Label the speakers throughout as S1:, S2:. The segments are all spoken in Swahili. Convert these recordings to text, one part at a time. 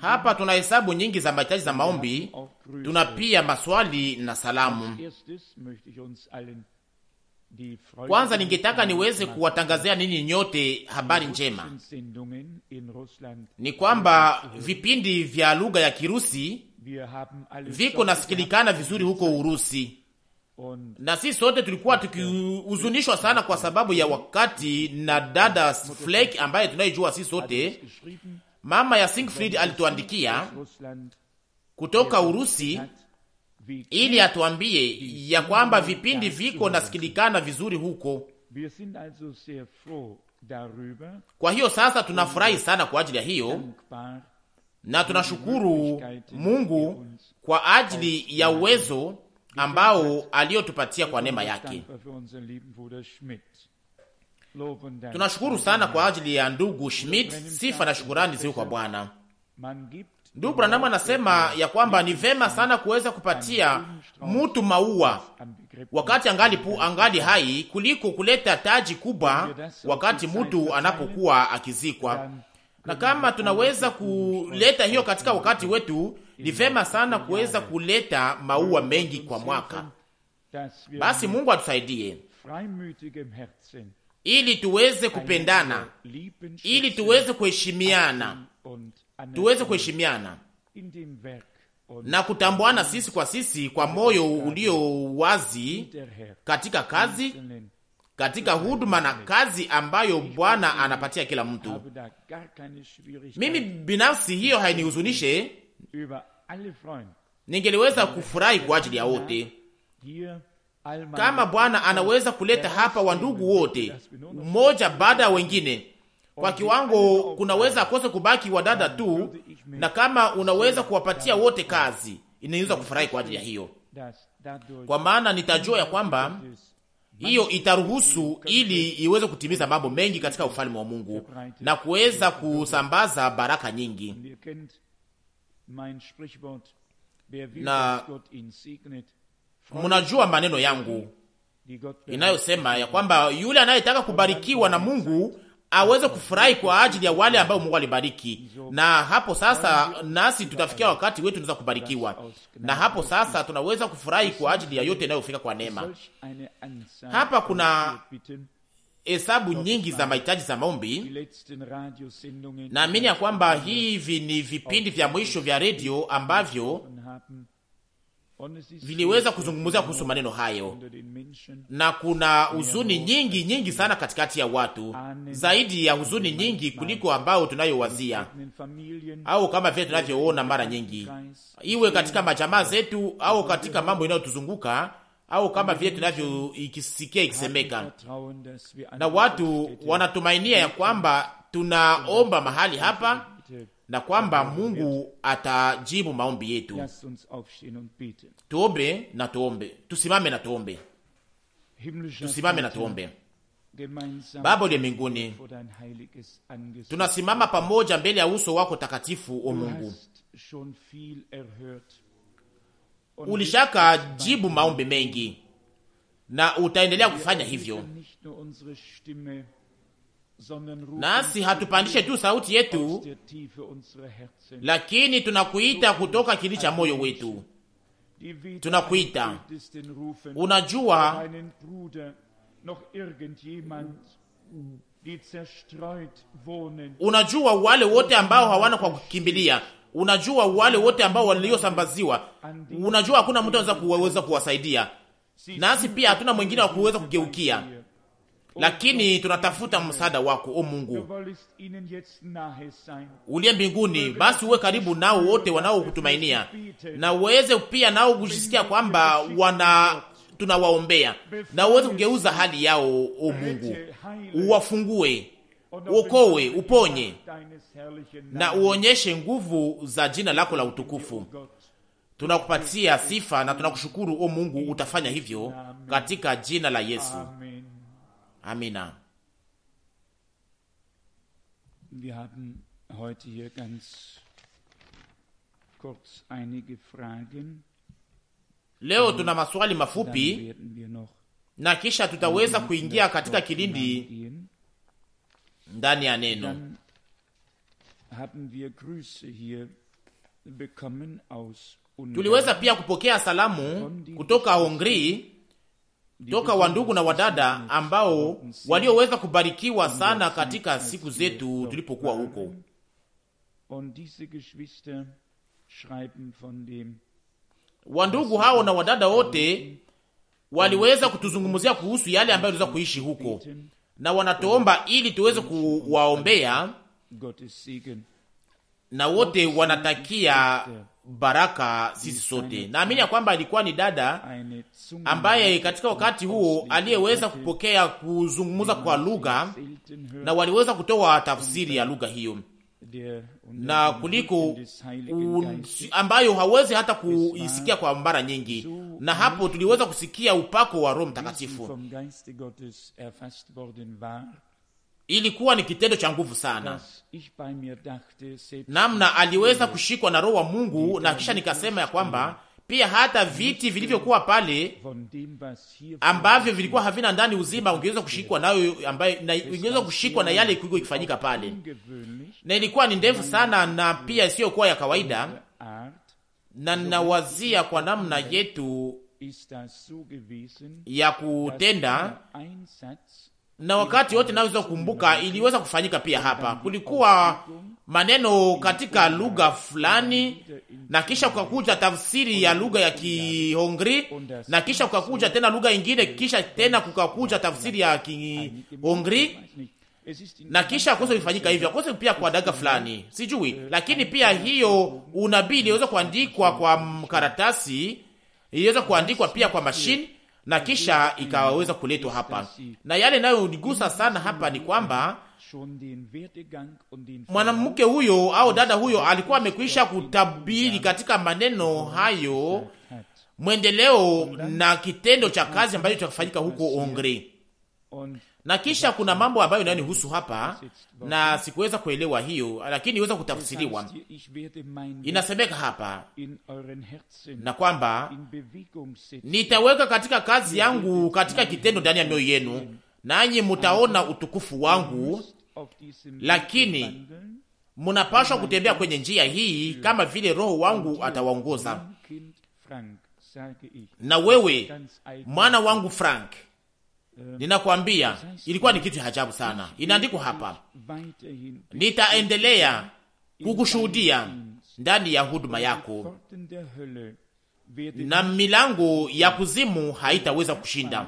S1: Hapa tuna hesabu nyingi za mahitaji za maombi, tuna pia
S2: maswali na salamu.
S1: Kwanza ningetaka niweze kuwatangazia
S2: ninyi nyote habari njema, ni kwamba vipindi vya lugha ya Kirusi viko nasikilikana vizuri huko Urusi, na sisi sote tulikuwa tukihuzunishwa sana kwa sababu ya wakati na dada Flake ambaye tunayejua sisi sote Mama ya Siegfried alituandikia kutoka Urusi ili atuambie ya kwamba vipindi viko nasikilikana vizuri huko. Kwa hiyo sasa tunafurahi sana kwa ajili ya hiyo na tunashukuru Mungu kwa ajili ya uwezo ambao aliyotupatia kwa neema yake. Tunashukuru sana kwa ajili ya ndugu Schmidt. Sifa na shukurani ziwe kwa Bwana. Ndugu Branamu anasema ya kwamba ni vema sana kuweza kupatia mtu maua wakati angali, pu, angali hai kuliko kuleta taji kubwa wakati mtu anapokuwa akizikwa. Na kama tunaweza kuleta hiyo katika wakati wetu, ni vema sana kuweza kuleta maua mengi kwa mwaka. Basi Mungu atusaidie ili tuweze kupendana, ili tuweze kuheshimiana, tuweze kuheshimiana na kutambuana sisi kwa sisi kwa moyo ulio wazi katika kazi, katika huduma na kazi ambayo Bwana anapatia kila mtu. Mimi binafsi hiyo hainihuzunishe, ningeliweza kufurahi kwa ajili ya wote kama Bwana anaweza kuleta hapa wandugu wote mmoja baada ya wengine kwa kiwango, kunaweza akose kubaki wadada tu, na kama unaweza kuwapatia wote kazi, inaweza kufurahi kwa ajili ya hiyo, kwa maana nitajua ya kwamba hiyo itaruhusu ili iweze kutimiza mambo mengi katika ufalme wa Mungu na kuweza kusambaza baraka nyingi na munajua maneno yangu inayosema ya kwamba yule anayetaka kubarikiwa na Mungu aweze kufurahi kwa ajili ya wale ambao Mungu alibariki. Na hapo sasa, nasi tutafikia wakati wetu tunaweza kubarikiwa, na hapo sasa tunaweza kufurahi kwa ajili ya yote inayofika kwa neema. Hapa kuna hesabu nyingi za mahitaji za maombi. Naamini ya kwamba hivi ni vipindi vya mwisho vya redio ambavyo viliweza kuzungumzia kuhusu maneno hayo, na kuna huzuni nyingi nyingi sana katikati ya watu, zaidi ya huzuni nyingi kuliko ambayo tunayowazia au kama vile tunavyoona mara nyingi, iwe katika majamaa zetu au katika mambo inayotuzunguka au kama vile tunavyoikisikia ikisemeka na watu. Wanatumainia ya kwamba tunaomba mahali hapa na kwamba Mungu atajibu maombi yetu. Tuombe na tuombe, tusimame na tuombe,
S1: tusimame na tuombe. Baba uliye mbinguni, tunasimama
S2: pamoja mbele ya uso wako takatifu. O Mungu,
S1: ulishaka
S2: jibu maombi mengi na utaendelea kufanya hivyo
S1: nasi hatupandishe tu sauti yetu,
S2: lakini tunakuita kutoka kili cha moyo wetu, tunakuita. Unajua,
S1: unajua wale wote ambao
S2: hawana kwa kukimbilia unajua wale wote ambao waliosambaziwa, unajua hakuna mtu anaweza kuweza kuwasaidia, nasi pia hatuna mwingine wa kuweza kugeukia. Oh, lakini oh. tunatafuta msaada wako, o Mungu uliye mbinguni. Basi uwe karibu nao wote wanaokutumainia, na uweze pia nao kujisikia kwamba wana tunawaombea, na uweze kugeuza hali yao, o Mungu, uwafungue uokowe, uponye na uonyeshe nguvu za jina lako la utukufu. Tunakupatia sifa na tunakushukuru o Mungu, utafanya hivyo katika jina la Yesu. Amen. Amina.
S1: Wir haben heute hier ganz kurz einige Fragen.
S2: Leo tuna maswali mafupi na kisha tutaweza kuingia katika kilindi ndani ya neno. Tuliweza pia kupokea salamu kutoka Hungary toka wa ndugu na wadada ambao walioweza kubarikiwa sana katika siku zetu tulipokuwa huko. Wandugu hao na wadada wote waliweza kutuzungumzia kuhusu yale ambayo tuliweza kuishi huko, na wanatuomba ili tuweze kuwaombea, na wote wanatakia baraka sisi sote. Naamini ya kwamba ilikuwa ni dada ambaye katika wakati huo aliyeweza kupokea kuzungumza kwa lugha na waliweza kutoa tafsiri ya lugha hiyo na kuliko ambayo hawezi hata kuisikia kwa mara nyingi. Na hapo tuliweza kusikia upako wa Roho Mtakatifu, ilikuwa ni kitendo cha nguvu sana, namna aliweza kushikwa na Roho wa Mungu, na kisha nikasema ya kwamba pia hata viti vilivyokuwa pale ambavyo vilikuwa havina ndani uzima, ungeweza kushikwa nayo, ambayo na, ungeweza kushikwa na yale kuliko ikifanyika pale, na ilikuwa ni ndefu sana na pia isiyokuwa ya kawaida, na nawazia kwa namna yetu
S1: ya kutenda
S2: na wakati wote naweza kukumbuka, iliweza kufanyika pia hapa. Kulikuwa maneno katika lugha fulani, na kisha kukakuja tafsiri ya lugha ya Kihongri, na kisha kukakuja tena lugha ingine, kisha tena kukakuja tafsiri ya Kihongri, na kisha akose vifanyika hivyo, akose pia kwa daga fulani, sijui. Lakini pia hiyo unabii iliweza kuandikwa kwa karatasi, iliweza kuandikwa pia kwa mashini na kisha ikaweza kuletwa hapa. Na yale inayonigusa sana hapa ni kwamba mwanamke huyo au dada huyo alikuwa amekwisha kutabiri katika maneno hayo mwendeleo na kitendo cha kazi ambacho chakufanyika huko Hongrie na kisha kuna mambo ambayo inayonihusu hapa na sikuweza kuelewa hiyo, lakini iweza kutafsiriwa. Inasemeka hapa na kwamba nitaweka katika kazi yangu katika kitendo ndani ya mioyo yenu, nanyi mutaona utukufu wangu. Lakini munapashwa kutembea kwenye njia hii kama vile Roho wangu atawaongoza. Na wewe mwana wangu Frank Ninakwambia ilikuwa ni kitu cha ajabu sana. Inaandikwa hapa, nitaendelea kukushuhudia ndani ya huduma yako na milango ya kuzimu haitaweza kushinda,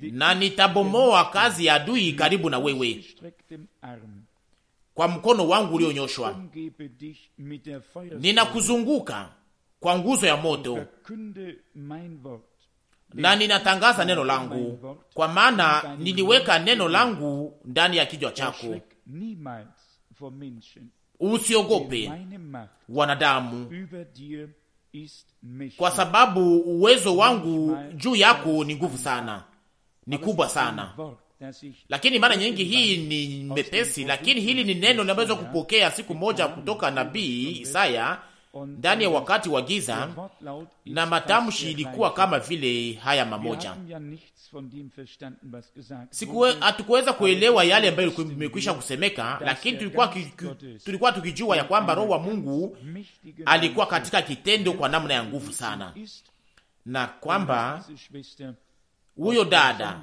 S2: na nitabomoa kazi ya adui karibu na wewe kwa mkono wangu ulionyoshwa. Ninakuzunguka kwa nguzo ya moto na ninatangaza neno langu, kwa maana niliweka neno langu ndani ya kichwa chako. Usiogope wanadamu, kwa sababu uwezo wangu juu yako ni nguvu sana, ni kubwa sana. Lakini mara nyingi hii ni mepesi, lakini hili ni neno linaweza kupokea siku moja kutoka nabii Isaya ndani ya wakati wa giza, na matamshi ilikuwa kama vile haya mamoja. Hatukuweza kuelewa yale ambayo imekwisha kusemeka, lakini tulikuwa, tulikuwa tukijua ya kwamba Roho wa Mungu alikuwa katika kitendo kwa namna ya nguvu sana, na kwamba huyo dada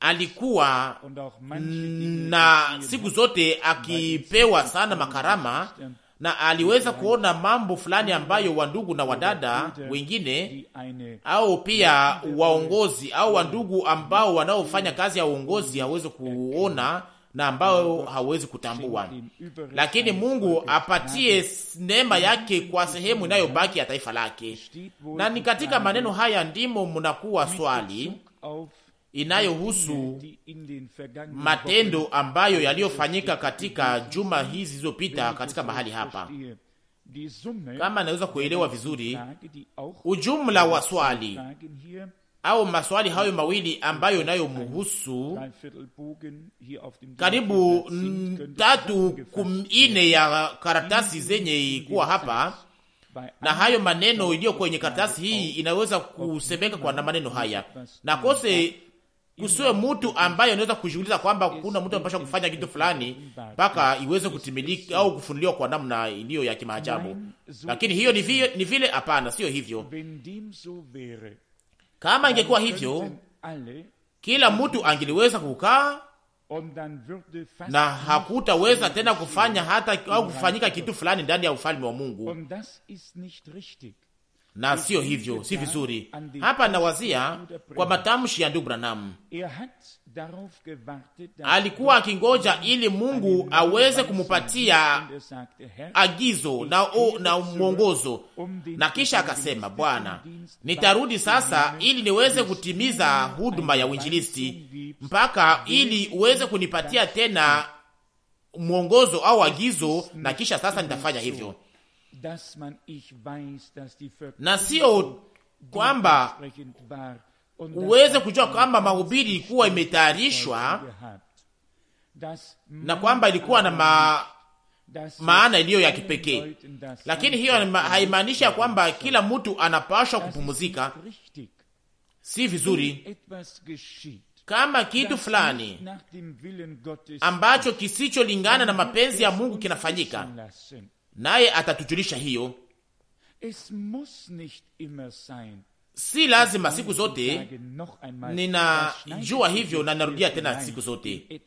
S2: alikuwa na siku zote akipewa sana makarama na aliweza kuona mambo fulani ambayo wandugu na wadada wengine au pia waongozi au wandugu ambao wanaofanya kazi ya uongozi hawezi kuona na ambao hawezi kutambua, lakini Mungu apatie neema yake kwa sehemu inayobaki ya taifa lake. Na ni katika maneno haya ndimo mnakuwa swali inayohusu
S1: matendo
S2: ambayo yaliyofanyika katika juma hizi zilizopita katika mahali hapa.
S1: Kama naweza kuelewa vizuri
S2: ujumla wa swali au maswali hayo mawili ambayo muhusu karibu tatu kumine ya karatasi zenye kuwa hapa, na hayo maneno iliyo kwenye karatasi hii inaweza kusemeka kwa na maneno haya nakose kusiwe mtu ambaye anaweza kujiuliza kwamba kuna mtu anapasha kufanya kitu fulani mpaka iweze kutimilika au kufunuliwa kwa namna iliyo ya kimaajabu. Lakini hiyo ni vile, ni vile hapana, sio hivyo. Kama ingekuwa hivyo, kila mtu angeliweza kukaa na hakutaweza tena kufanya hata au kufanyika kitu fulani ndani ya ufalme wa Mungu na siyo hivyo, si vizuri. Hapa nawazia kwa matamshi ya ndugu Branham, alikuwa akingoja ili Mungu aweze kumupatia agizo na, o, na mwongozo, um, na kisha akasema, Bwana, nitarudi sasa ili niweze kutimiza huduma ya uinjilisti mpaka ili uweze kunipatia tena mwongozo au agizo, na kisha sasa nitafanya hivyo
S1: na sio
S2: kwamba
S1: uweze
S2: kujua kwamba mahubiri ilikuwa imetayarishwa na kwamba ilikuwa na ma, maana iliyo ya kipekee, lakini hiyo haimaanishi ya kwamba kila mtu anapashwa kupumuzika Si vizuri kama kitu fulani ambacho kisicholingana na mapenzi ya Mungu kinafanyika naye atatujulisha hiyo.
S1: Es muss nicht immer sein.
S2: Si lazima siku zote, ninajua hivyo na narudia tena siku zote,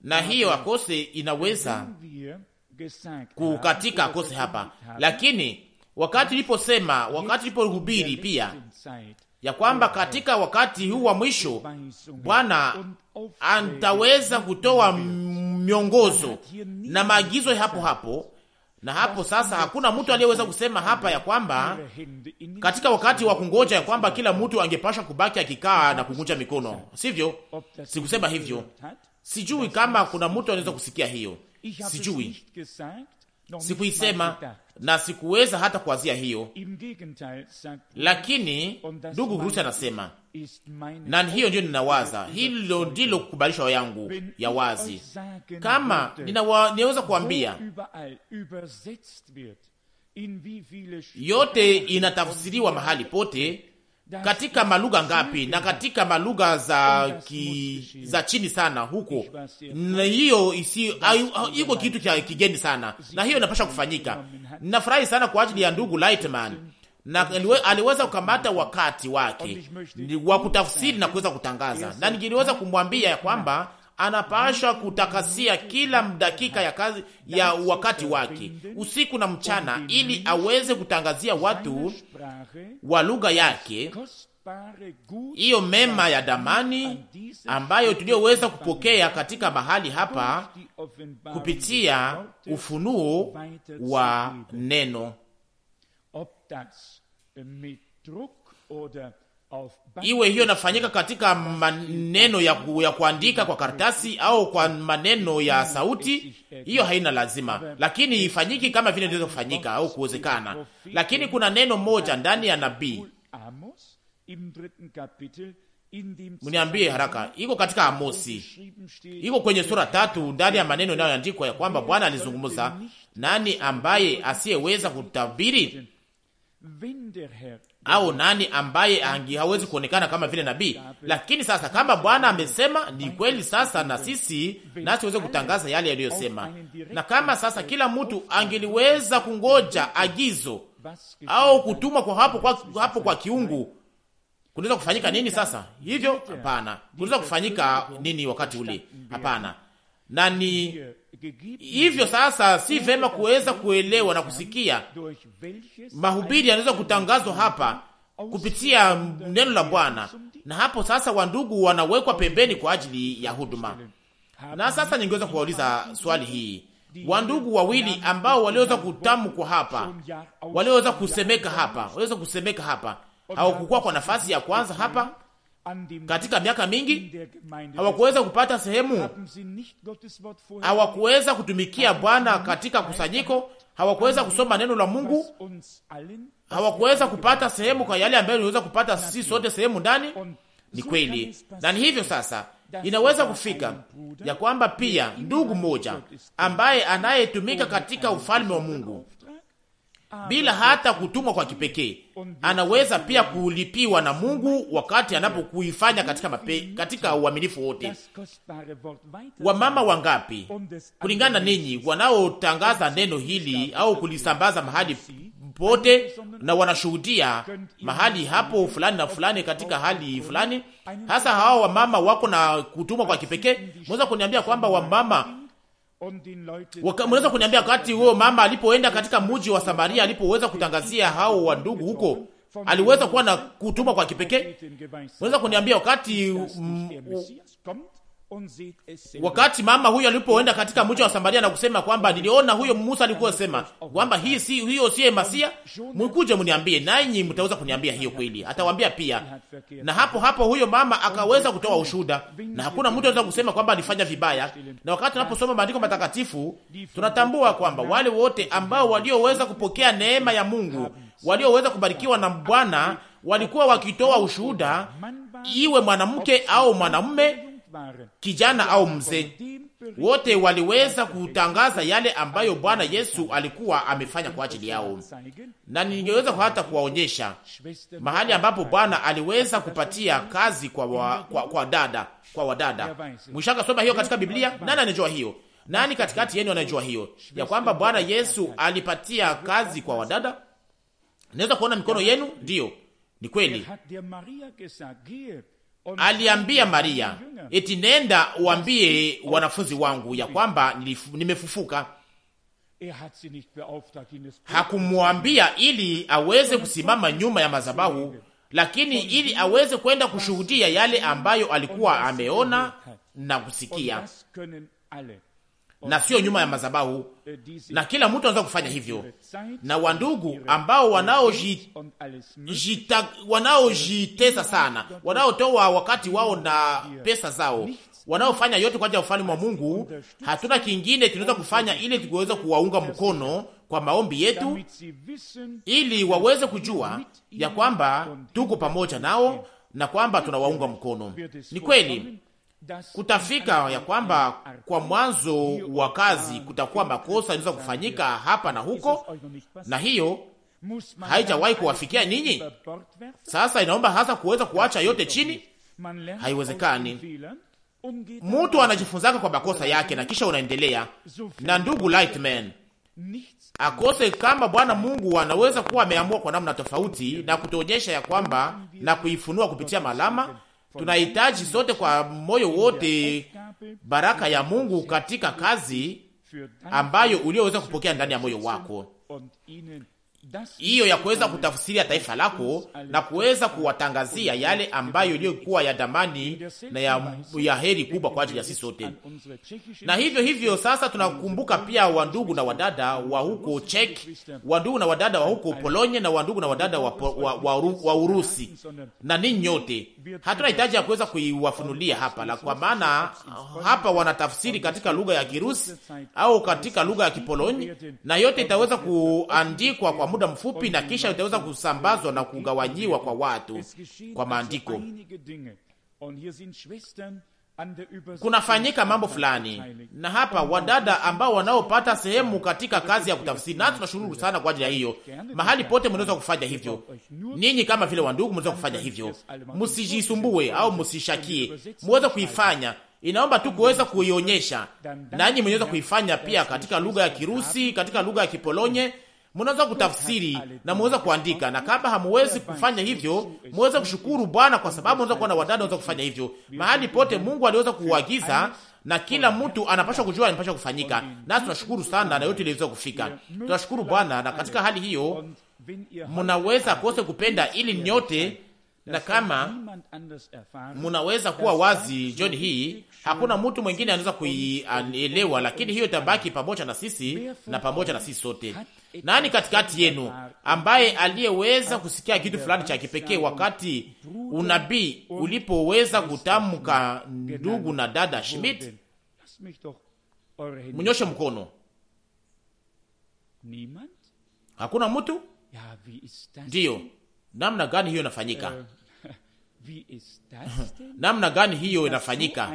S2: na hiyo akose inaweza kukatika akose hapa, lakini wakati uliposema, wakati ulipohubiri pia ya kwamba katika wakati huu wa mwisho Bwana antaweza kutoa miongozo na maagizo hapo hapo na hapo sasa hakuna mtu aliyeweza kusema hapa ya kwamba katika wakati wa kungoja ya kwamba kila mtu angepasha kubaki akikaa na kungoja mikono, sivyo? Sikusema hivyo. Sijui kama kuna mtu anaweza kusikia hiyo, sijui, sikuisema na sikuweza hata kuwazia hiyo, lakini ndugu Rusi anasema na hiyo ndiyo ninawaza, hilo ndilo kukubalishwa yangu ya wazi. Kama ninaweza kuambia yote inatafsiriwa mahali pote, katika malugha ngapi na katika malugha za ki, za chini sana huko, na hiyo iko kitu cha kigeni sana, na hiyo inapasha kufanyika. Ninafurahi sana kwa ajili ya ndugu Lightman na aliweza kukamata wakati wake wa kutafsiri na kuweza kutangaza, na ningeliweza kumwambia ya kwamba anapashwa kutakasia kila dakika ya kazi ya wakati wake usiku na mchana, ili aweze kutangazia watu wa lugha yake hiyo mema ya damani ambayo tuliyoweza kupokea katika mahali hapa kupitia ufunuo wa neno iwe hiyo inafanyika katika maneno ya, ku, ya kuandika kwa karatasi au kwa maneno ya hm, sauti, hiyo haina lazima, lakini ifanyiki kama vile inaweza kufanyika au kuwezekana. Lakini kuna neno moja ndani ya nabii, mniambie haraka, iko katika Amosi, iko kwenye sura tatu ndani ya maneno inayoandikwa ya kwamba Bwana alizungumza, nani ambaye asiyeweza kutabiri au nani ambaye angi hawezi kuonekana kama vile nabii. Lakini sasa kama Bwana amesema ni kweli, sasa na sisi nasi tuweze kutangaza yale yaliyosema. Na kama sasa kila mtu angeliweza kungoja agizo au kutumwa kwa hapo kwa, hapo kwa kiungu kunaweza kufanyika nini sasa? Hivyo hapana, kunaweza kufanyika nini wakati ule? Hapana na ni hivyo sasa, si vema kuweza kuelewa na kusikia mahubiri yanaweza kutangazwa hapa kupitia neno la Bwana, na hapo sasa wandugu wanawekwa pembeni kwa ajili ya huduma. Na sasa ningeweza kuwauliza swali hii, wandugu wawili ambao waliweza kutamkwa hapa, waliweza kusemeka hapa, waliweza kusemeka hapa, hawakukuwa kwa nafasi ya kwanza hapa katika miaka mingi hawakuweza kupata sehemu, hawakuweza kutumikia Bwana katika kusanyiko, hawakuweza kusoma neno la Mungu, hawakuweza kupata sehemu kwa yale ambayo iliweza kupata sisi sote sehemu ndani. Ni kweli, na ni hivyo sasa inaweza kufika ya kwamba pia ndugu mmoja ambaye anayetumika katika ufalme wa Mungu Ah, bila hata kutumwa kwa kipekee. Anaweza pia kulipiwa na Mungu wakati anapokuifanya katika mape, katika uaminifu wote. Wamama wangapi um kulingana na ninyi wanaotangaza neno hili au kulisambaza mahali pote na wanashuhudia mahali hapo fulani na fulani katika hali fulani, hasa hawa wamama wako na kutumwa kwa kipekee. Mweza kuniambia kwamba wamama Mnaweza kuniambia wakati huo mama alipoenda katika mji wa Samaria, alipoweza kutangazia hao wa ndugu huko, aliweza kuwa na kutumwa kwa kipekee. Mnaweza kuniambia wakati mm, Wakati mama huyo alipoenda katika mji wa Samaria na kusema kwamba niliona huyo Musa alikuwa sema kwamba hii si hiyo siye Masia, mkuje mniambie, nanyi mtaweza kuniambia hiyo kweli. Atawaambia pia, na hapo hapo huyo mama akaweza kutoa ushuda, na hakuna mtu anaweza kusema kwamba alifanya vibaya. Na wakati tunaposoma maandiko matakatifu tunatambua kwamba wale wote ambao walioweza kupokea neema ya Mungu, walioweza kubarikiwa na Bwana, walikuwa wakitoa ushuhuda, iwe mwanamke au mwanamume kijana au mzee, wote waliweza kutangaza yale ambayo Bwana Yesu alikuwa amefanya kwa ajili yao, na ningeweza hata kuwaonyesha mahali ambapo Bwana aliweza kupatia kazi kwa, wa, kwa, kwa dada kwa wadada. Mwishaka soma hiyo katika Biblia. Nani anajua hiyo? Nani katikati yenu anajua hiyo ya kwamba Bwana Yesu alipatia kazi kwa wadada? Naweza kuona mikono yenu. Ndiyo, ni kweli aliambia Maria eti nenda uambie wanafunzi wangu ya kwamba nimefufuka. Er Hakumwambia ili aweze kusimama nyuma ya mazabahu, lakini ili aweze kwenda kushuhudia yale ambayo alikuwa ameona na kusikia na sio nyuma ya mazabahu, na kila mtu anaweza kufanya hivyo. Na wandugu ambao wanaojitesa wanao sana, wanaotoa wakati wao na pesa zao, wanaofanya yote kwa ajili ya ufalme wa Mungu, hatuna kingine tunaweza kufanya ili tuweze kuwaunga mkono kwa maombi yetu, ili waweze kujua ya kwamba tuko pamoja nao na kwamba tunawaunga mkono. Ni kweli kutafika ya kwamba kwa mwanzo wa kazi kutakuwa makosa yanaweza kufanyika hapa na huko, na hiyo haijawahi kuwafikia ninyi. Sasa inaomba hasa kuweza kuacha yote chini,
S1: haiwezekani.
S2: Mtu anajifunzaka kwa makosa yake na kisha unaendelea. Na ndugu Lightman akose kama Bwana Mungu anaweza kuwa ameamua kwa namna tofauti na kutuonyesha ya kwamba na kuifunua kupitia malama tunahitaji sote kwa moyo wote baraka ya Mungu katika kazi ambayo ulioweza kupokea ndani ya moyo wako hiyo ya kuweza kutafsiria taifa lako na kuweza kuwatangazia yale ambayo iliyokuwa ya damani na ya, ya heri kubwa kwa ajili ya sisi sote. Na hivyo hivyo sasa tunakumbuka pia wandugu na wadada wa huko Czech, wandugu na wadada wa huko Polonia na wandugu na wadada wa, wa, wa, wa Urusi na ninyi nyote, hatuna hitaji ya kuweza kuiwafunulia hapa la, kwa maana hapa wanatafsiri katika lugha ya Kirusi au katika lugha ya Kipoloni na yote itaweza kuandikwa kwa muda mfupi, na kisha itaweza kusambazwa na kugawanyiwa kwa watu kwa maandiko.
S1: Kunafanyika
S2: mambo fulani, na hapa wadada ambao wanaopata sehemu katika kazi ya kutafsiri, na tunashukuru sana kwa ajili ya hiyo. Mahali pote mnaweza kufanya hivyo, ninyi kama vile wandugu mnaweza kufanya hivyo. Msijisumbue au msishakie, mweza kuifanya. Inaomba tu kuweza kuionyesha, nanyi mweneweza kuifanya pia katika lugha ya Kirusi, katika lugha ya Kipolonye munaweza kutafsiri na muweza kuandika, na kama hamuwezi kufanya hivyo, muweze kushukuru Bwana kwa sababu unaweza kuwa na wadada unaweza kufanya hivyo. Mahali pote Mungu aliweza kuagiza na kila mtu anapaswa kujua anapaswa kufanyika, nasi tunashukuru sana na yote iliweza kufika. Tunashukuru Bwana, na katika hali hiyo munaweza kose kupenda ili nyote na kama munaweza kuwa wazi jioni hii, hakuna mtu mwingine anaweza kuielewa, lakini hiyo itabaki pamoja na sisi na pamoja na sisi sote. Nani katikati yenu ambaye aliyeweza kusikia kitu fulani cha kipekee wakati unabii ulipoweza kutamka? Ndugu na dada Schmidt, mnyoshe mkono. Hakuna mtu? Ndiyo, namna gani hiyo inafanyika? Eh, namna gani hiyo inafanyika?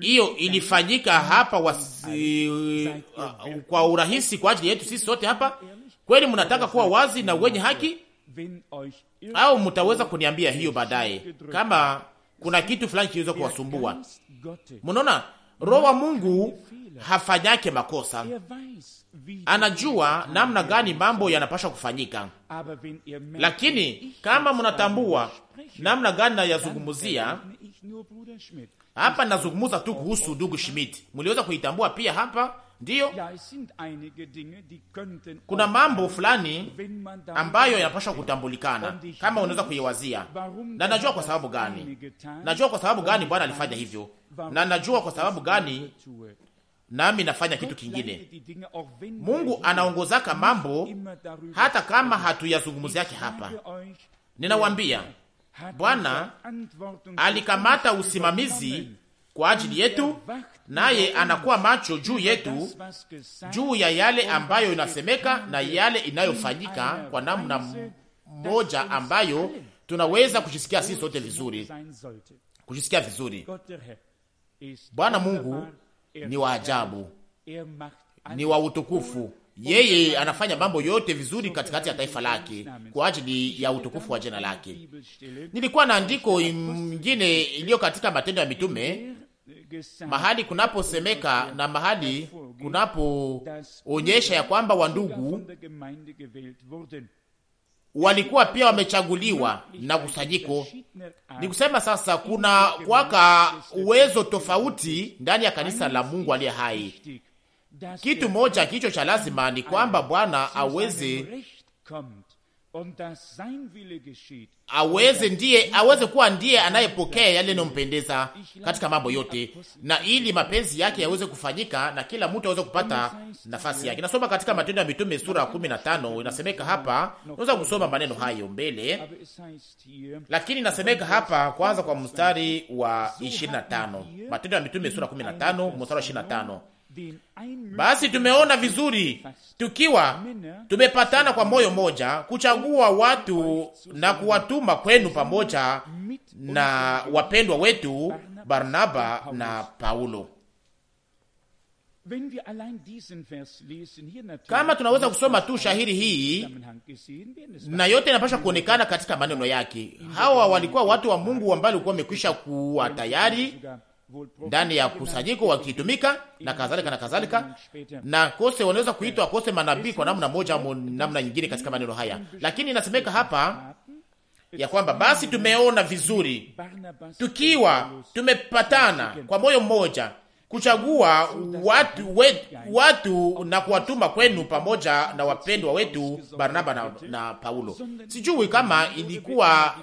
S2: Hiyo ilifanyika hm. hapa wasi, uh, kwa urahisi kwa ajili yetu sisi sote hapa. Kweli mnataka kuwa wazi na wenye haki, au mtaweza kuniambia hiyo baadaye kama kuna kitu fulani kinaweza kuwasumbua? Mnaona roho wa Mungu hm hafanyake makosa, anajua namna gani mambo yanapasha kufanyika. Lakini kama mnatambua namna gani nayazungumuzia hapa, nazungumuza tu kuhusu ndugu Schmidt, mliweza kuitambua pia hapa. Ndiyo, kuna mambo fulani ambayo yanapashwa kutambulikana, kama unaweza kuiwazia, na najua kwa sababu gani, najua kwa sababu gani Bwana alifanya hivyo, na najua kwa sababu gani nami nafanya kitu kingine. Mungu anaongozaka mambo hata kama hatuyazungumuziake hapa. Ninawambia, Bwana alikamata usimamizi kwa ajili yetu, naye anakuwa macho juu yetu, juu ya yale ambayo inasemeka na yale inayofanyika kwa namna moja ambayo tunaweza kujisikia sisi sote vizuri, kujisikia vizuri. Bwana Mungu ni wa ajabu, ni wa utukufu. Yeye anafanya mambo yote vizuri katikati ya taifa lake kwa ajili ya utukufu wa jina lake. Nilikuwa na andiko ingine iliyo katika Matendo ya Mitume, mahali kunaposemeka na mahali kunapoonyesha ya kwamba wandugu walikuwa pia wamechaguliwa na kusanyiko. Ni kusema sasa, kuna kwaka uwezo tofauti ndani ya kanisa la Mungu aliye hai. Kitu moja kicho cha lazima ni kwamba Bwana aweze aweze ndiye aweze kuwa ndiye anayepokea yale inayompendeza katika mambo yote, na ili mapenzi yake yaweze kufanyika na kila mtu aweze kupata nafasi yake. Nasoma katika Matendo ya Mitume sura ya 15, inasemeka hapa, naweza kusoma maneno hayo mbele, lakini inasemeka hapa kwanza kwa mstari wa 25, Matendo ya Mitume sura 15 mstari wa basi tumeona vizuri tukiwa tumepatana kwa moyo moja kuchagua watu na kuwatuma kwenu pamoja na wapendwa wetu Barnaba na Paulo.
S1: Kama tunaweza kusoma tu shahiri hii
S2: na yote inapasha kuonekana katika maneno yake. Hawa walikuwa watu wa Mungu ambao walikuwa wamekwisha kuwa tayari
S3: ndani ya kusanyiko
S2: wakitumika na kadhalika na kadhalika, na kose wanaweza kuitwa kose manabii kwa namna moja au namna nyingine katika maneno haya, lakini inasemeka hapa ya kwamba basi tumeona vizuri tukiwa tumepatana kwa moyo mmoja kuchagua watu, we, watu na kuwatuma kwenu pamoja na wapendwa wetu Barnaba na, na Paulo. Sijui kama ilikuwa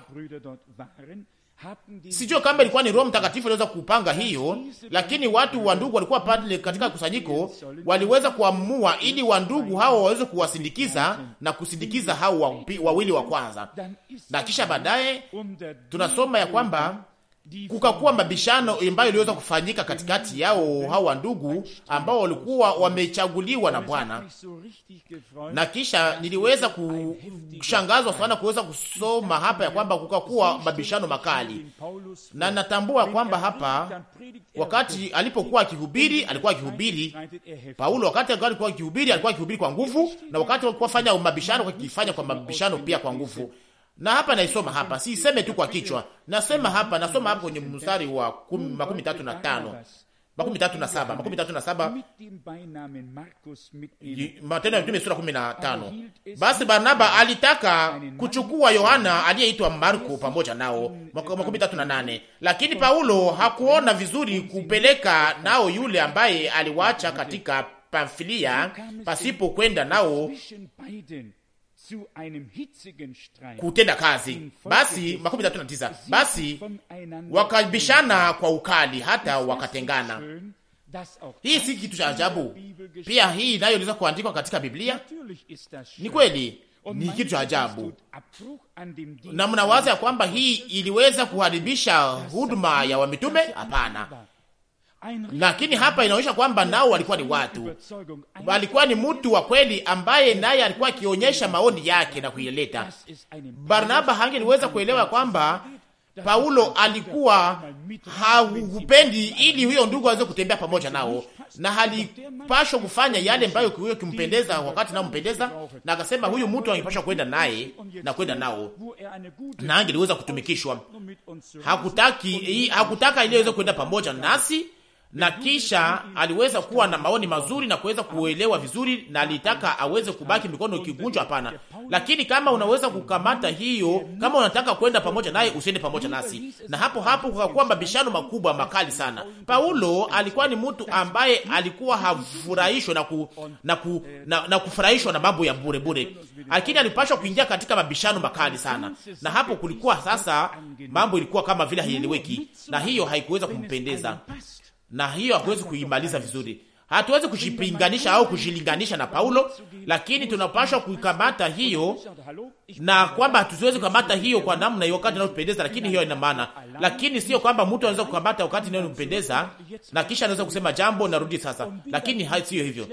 S2: sijuo kama ilikuwa ni Roho Mtakatifu aliweza kupanga hiyo, lakini watu wa ndugu walikuwa pale katika kusanyiko, waliweza kuamua ili wandugu hao waweze kuwasindikiza na kusindikiza hao wawili wa kwanza, na kisha baadaye tunasoma ya kwamba kukakuwa mabishano ambayo iliweza kufanyika katikati yao hao ndugu ambao walikuwa wamechaguliwa na Bwana, na kisha niliweza kushangazwa sana kuweza kusoma hapa ya kwamba kukakuwa mabishano makali, na natambua kwamba hapa wakati alipokuwa akihubiri alikuwa akihubiri Paulo, wakati alikuwa akihubiri alikuwa akihubiri kwa nguvu, na wakati alikuwa fanya mabishano akifanya kwa mabishano pia kwa nguvu na hapa naisoma hapa, siiseme tu kwa kichwa, nasema hapa, nasoma hapa kwenye mstari wa kum, makumi tatu na tano makumi tatu na saba makumi tatu na saba Matendo ya Mitume sura kumi na tano Basi Barnaba alitaka kuchukua Yohana aliyeitwa Marko pamoja nao, makumi tatu na nane Lakini Paulo hakuona vizuri kupeleka nao yule ambaye aliwacha katika Pamfilia pasipo kwenda nao kutenda kazi. Basi makumi tatu na tisa, basi wakabishana kwa ukali hata wakatengana. Hii si kitu cha ajabu pia, hii nayo iliweza kuandikwa katika Biblia. Ni kweli, ni kitu cha ajabu, na mnawaza ya kwamba hii iliweza kuharibisha huduma ya wamitume? Hapana, lakini hapa inaonyesha kwamba nao walikuwa ni watu, walikuwa ni mtu wa kweli ambaye naye alikuwa akionyesha maoni yake na kuileta. Barnaba hangeliweza kuelewa kwamba Paulo alikuwa hakupendi ili huyo ndugu aweze kutembea pamoja nao, na halipashwa kufanya yale ambayo huyo kimpendeza wakati nampendeza, na akasema huyu mtu angepashwa kwenda naye na kwenda nao, na angeliweza kutumikishwa. Hakutaki, hakutaka ili aweze kwenda pamoja nasi na kisha aliweza kuwa na maoni mazuri na kuweza kuelewa vizuri, na alitaka aweze kubaki mikono ikigunjwa? Hapana. Lakini kama unaweza kukamata hiyo, kama unataka kwenda pamoja naye, usiende pamoja nasi. Na hapo hapo kukakuwa mabishano makubwa makali sana. Paulo alikuwa ni mtu ambaye alikuwa hafurahishwa na, ku, na, ku, na, na kufurahishwa na mambo ya bure bure, lakini alipashwa kuingia katika mabishano makali sana, na hapo kulikuwa sasa mambo ilikuwa kama vile haieleweki, na hiyo haikuweza kumpendeza na hiyo hakuwezi kuimaliza vizuri. Hatuwezi kujipinganisha au kujilinganisha na Paulo, lakini tunapashwa kuikamata hiyo, na kwamba hatusiwezi kukamata hiyo kwa namna hiyo wakati inayotupendeza, lakini hiyo ina maana, lakini sio kwamba mtu anaweza kukamata wakati inayompendeza na kisha anaweza kusema jambo narudi sasa, lakini sio hivyo.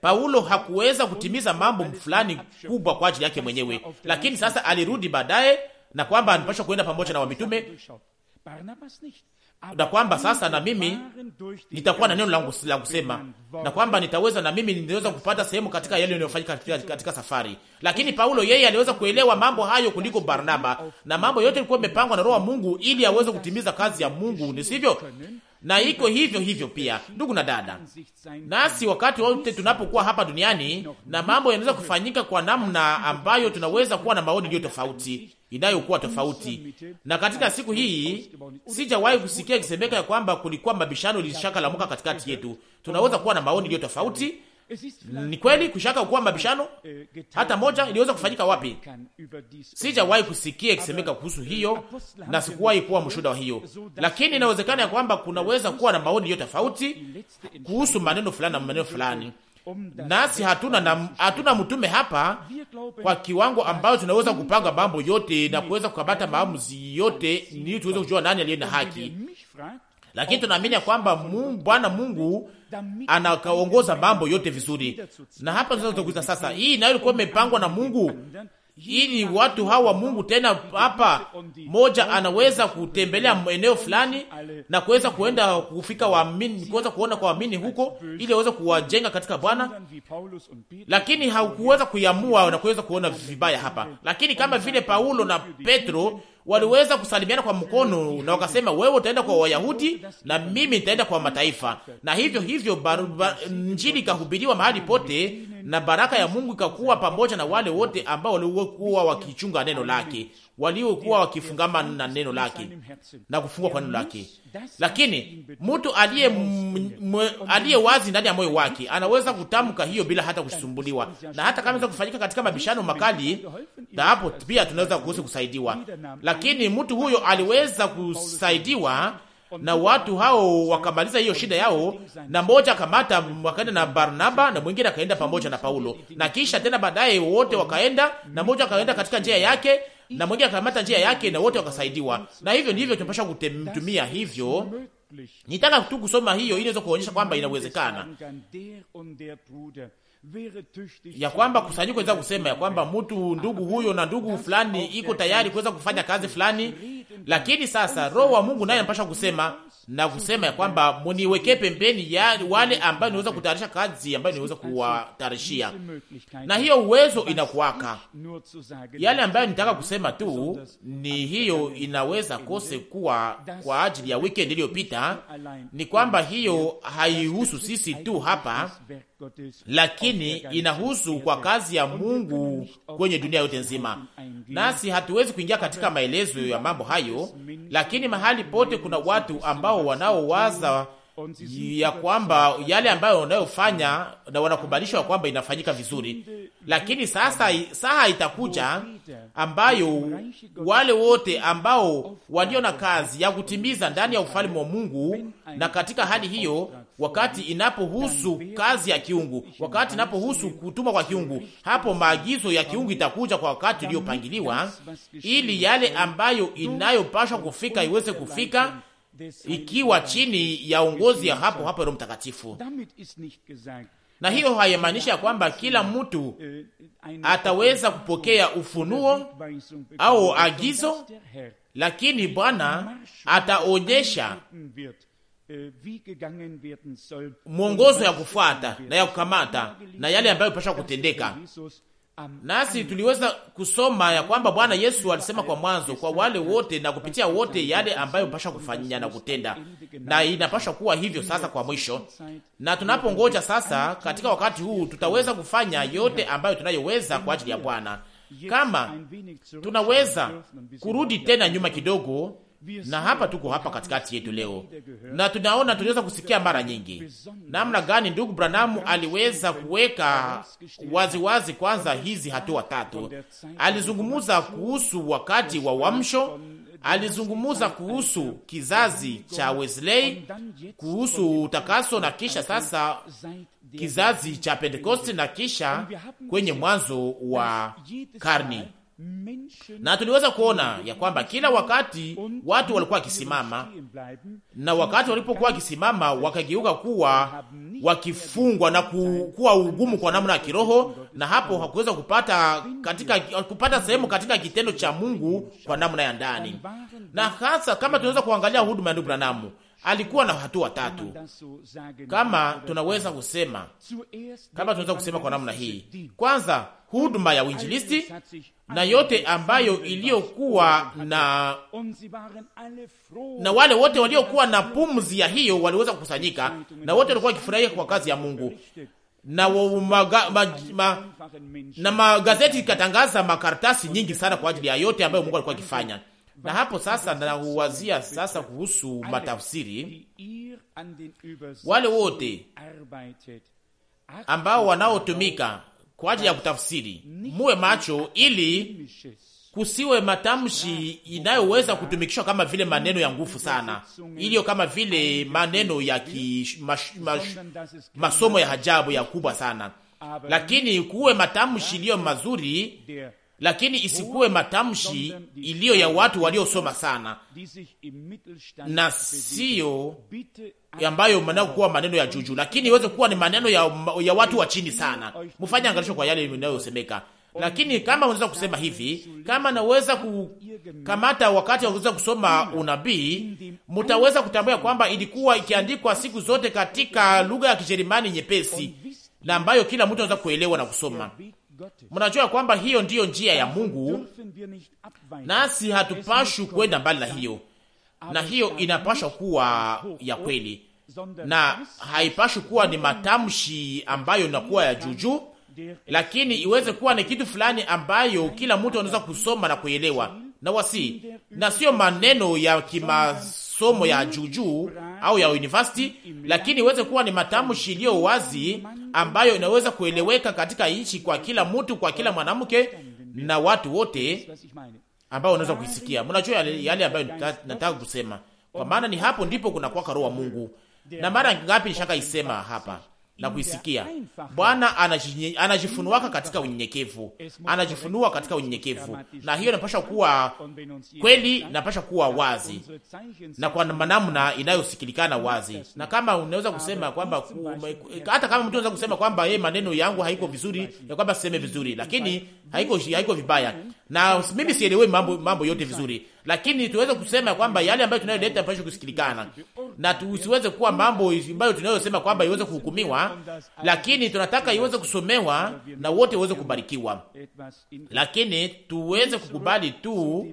S2: Paulo hakuweza kutimiza mambo fulani kubwa kwa ajili yake mwenyewe, lakini sasa alirudi baadaye, na kwamba anapashwa kuenda pamoja na wamitume na kwamba sasa na mimi nitakuwa na neno langu la kusema, na kwamba nitaweza na mimi ninaweza kupata sehemu katika yale yanayofanyika katika, katika safari. Lakini Paulo yeye aliweza kuelewa mambo hayo kuliko Barnaba, na mambo yote yalikuwa yamepangwa na Roho wa Mungu ili aweze kutimiza kazi ya Mungu, ni sivyo? na iko hivyo hivyo pia, ndugu na dada. Nasi wakati wote tunapokuwa hapa duniani, na mambo yanaweza kufanyika kwa namna ambayo tunaweza kuwa na maoni iliyo tofauti, inayokuwa tofauti. Na katika siku hii sijawahi kusikia ikisemeka ya kwamba kulikuwa mabishano, lamuka katikati yetu. Tunaweza kuwa na maoni iliyo tofauti ni kweli kushaka kuwa mabishano
S1: eh, hata
S2: moja iliweza kufanyika wapi? Sijawahi kusikia ikisemeka kuhusu hiyo, na sikuwahi kuwa mshuhuda wa hiyo, lakini inawezekana ya kwamba kunaweza kuwa na maoni hiyo tofauti kuhusu maneno fulani na maneno fulani, nasi hatuna na, hatuna mtume hapa kwa kiwango ambayo tunaweza kupanga mambo yote na kuweza kukabata maamuzi yote, ni tuweze kujua nani aliye na haki lakini tunaamini kwamba Mungu, Bwana Mungu anakaongoza mambo yote vizuri. Na hapa tunaweza sasa, hii nayo ilikuwa imepangwa na Mungu ili watu hawa Mungu tena hapa, moja anaweza kutembelea eneo fulani na kuweza kuenda kufika waamini, kuweza kuona kwa waamini huko, ili aweze kuwajenga katika Bwana, lakini hakuweza kuiamua na kuweza kuona vibaya hapa, lakini kama vile Paulo na Petro waliweza kusalimiana kwa mkono na wakasema, wewe utaenda kwa Wayahudi na mimi nitaenda kwa mataifa, na hivyo hivyo bar, bar, njili ikahubiriwa mahali pote na baraka ya Mungu ikakuwa pamoja na wale wote ambao waliokuwa wakichunga neno lake, waliokuwa wakifungama na neno lake na kufungwa kwa neno lake. Lakini mtu aliye aliye wazi ndani ya moyo wake anaweza kutamka hiyo bila hata kusumbuliwa, na hata kama inaweza kufanyika katika mabishano makali, na hapo pia tunaweza kuhusu kusaidiwa. Lakini mtu huyo aliweza kusaidiwa na watu hao wakamaliza hiyo shida yao, na mmoja akamata wakaenda na Barnaba na mwingine akaenda pamoja na Paulo, na kisha tena baadaye wote wakaenda, na mmoja akaenda katika njia yake na mwingine akamata njia yake, na wote wakasaidiwa. Na hivyo ndivyo tunapasha kutumia hivyo. Nitaka tu kusoma hiyo ili iweze kuonyesha kwamba inawezekana ya kwamba kusanyiko inaweza kusema ya kwamba mtu ndugu huyo na ndugu fulani iko tayari kuweza kufanya kazi fulani, lakini sasa Roho wa Mungu naye anapasha kusema na kusema ya kwamba muniweke pembeni ya wale ambao niweza kutayarisha kazi ambayo niweza kuwatarishia,
S1: na hiyo uwezo
S2: inakuwaka. Yale ambayo nitaka kusema tu ni hiyo, inaweza kose kuwa kwa ajili ya weekend iliyopita, ni kwamba hiyo haihusu sisi tu hapa lakini inahusu kwa kazi ya Mungu kwenye dunia yote nzima. Nasi hatuwezi kuingia katika maelezo ya mambo hayo, lakini mahali pote kuna watu ambao wanaowaza ya kwamba yale ambayo wanayofanya na wanakubalishwa kwamba inafanyika vizuri, lakini sasa saa itakuja ambayo wale wote ambao walio na kazi ya kutimiza ndani ya ufalme wa Mungu, na katika hali hiyo wakati inapohusu kazi ya kiungu, wakati inapohusu kutuma kwa kiungu, hapo maagizo ya kiungu itakuja kwa wakati uliopangiliwa, ili yale ambayo inayopashwa kufika iweze kufika, ikiwa chini ya uongozi ya hapo hapo Roho Mtakatifu. Na hiyo haimaanishi ya kwamba kila mtu ataweza kupokea ufunuo
S1: au agizo,
S2: lakini Bwana ataonyesha
S1: Eh, mwongozo
S2: ya um, kufuata um, na ya kukamata um, na yale ambayo pasha kutendeka. Nasi tuliweza kusoma ya kwamba Bwana Yesu alisema kwa mwanzo kwa wale wote na kupitia wote yale ambayo pasha kufanya na kutenda, na inapasha kuwa hivyo sasa kwa mwisho. Na tunapongoja sasa katika wakati huu, tutaweza kufanya yote ambayo tunayoweza kwa ajili ya Bwana. Kama tunaweza kurudi tena nyuma kidogo na hapa tuko hapa katikati yetu leo, na tunaona tunaweza kusikia mara nyingi namna gani ndugu Branamu aliweza kuweka waziwazi wazi kwanza hizi hatua tatu. Alizungumuza kuhusu wakati wa uamsho, alizungumuza kuhusu kizazi cha Wesley, kuhusu utakaso, na kisha sasa kizazi cha Pentekosti, na kisha kwenye mwanzo wa karni na tuliweza kuona ya kwamba kila wakati watu walikuwa wakisimama, na wakati walipokuwa wakisimama wakageuka kuwa wakifungwa na kuwa ugumu kwa namna ya kiroho, na hapo hakuweza kupata katika kupata sehemu katika kitendo cha Mungu kwa namna ya ndani, na hasa kama tunaweza kuangalia huduma ya ndugu Branamu alikuwa na hatua tatu, kama tunaweza kusema, kama tunaweza kusema kwa namna hii. Kwanza, huduma ya uinjilisti na yote ambayo iliyokuwa na na wale wote waliokuwa na pumzi ya hiyo waliweza kukusanyika, na wote walikuwa wakifurahia kwa kazi ya Mungu na maga, ma, ma, na magazeti ikatangaza makaratasi nyingi sana kwa ajili ya yote ambayo Mungu alikuwa akifanya na hapo sasa nauwazia sasa kuhusu matafsiri,
S1: wale wote
S2: ambao wanaotumika kwa ajili ya kutafsiri, muwe macho ili kusiwe matamshi inayoweza kutumikishwa kama vile maneno ya nguvu sana, iliyo kama vile maneno ya ki, mash, mash, masomo ya hajabu ya kubwa sana, lakini kuwe matamshi iliyo mazuri lakini isikuwe matamshi iliyo ya watu waliosoma sana
S1: na siyo
S2: ambayo manayokuwa maneno ya juju, lakini iweze kuwa ni maneno ya, ya watu wa chini sana. Mfanye angalisho kwa yale inayosemeka. Lakini kama unaweza kusema hivi, kama naweza kukamata wakati kuweza kusoma unabii, mutaweza kutambua kwamba ilikuwa ikiandikwa siku zote katika lugha ya kijerimani nyepesi na ambayo kila mtu anaweza kuelewa na kusoma Mnajua kwamba hiyo ndiyo njia ya Mungu, nasi hatupashwi kwenda mbali na hiyo, na hiyo inapashwa kuwa ya kweli na haipashwi kuwa ni matamshi ambayo inakuwa ya juujuu, lakini iweze kuwa ni kitu fulani ambayo kila mtu anaweza kusoma na kuelewa na wasi, na sio maneno ya kimas somo ya juujuu au ya university, lakini iweze kuwa ni matamshi iliyo wazi ambayo inaweza kueleweka katika nchi kwa kila mtu, kwa kila mwanamke na watu wote ambao unaweza kuisikia. Mnajua yale ambayo nataka kusema, kwa maana ni hapo ndipo kuna roho wa Mungu, na mara ngapi nishaka isema hapa na kuisikia. Bwana anajifunuaka katika unyenyekevu, anajifunua katika unyenyekevu, na hiyo inapasha kuwa kweli, napasha kuwa wazi na kwa namna inayosikilikana wazi. Na kama unaweza kusema kwamba hata kama mtu anaweza kusema kwamba yeye, maneno yangu haiko vizuri, ya kwamba siseme vizuri, lakini haiko haiko vibaya mm-hmm na mimi sielewi mambo, mambo yote vizuri, lakini tuweze kusema kwamba yale ambayo tunayoleta pashe kusikilikana na tusiweze kuwa mambo ambayo tunayosema kwamba iweze kuhukumiwa, lakini tunataka iweze kusomewa na wote waweze kubarikiwa, lakini tuweze kukubali tu